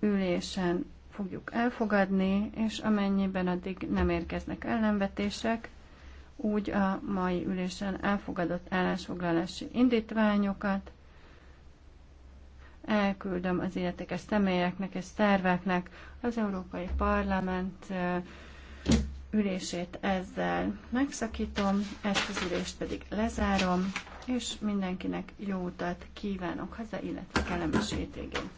ülésen fogjuk elfogadni, és amennyiben addig nem érkeznek ellenvetések, úgy a mai ülésen elfogadott állásfoglalási indítványokat elküldöm az illetékes személyeknek és szerveknek az Európai Parlament ülését ezzel megszakítom, ezt az ülést pedig lezárom, és mindenkinek jó utat kívánok haza, illetve kellemes hétvégén.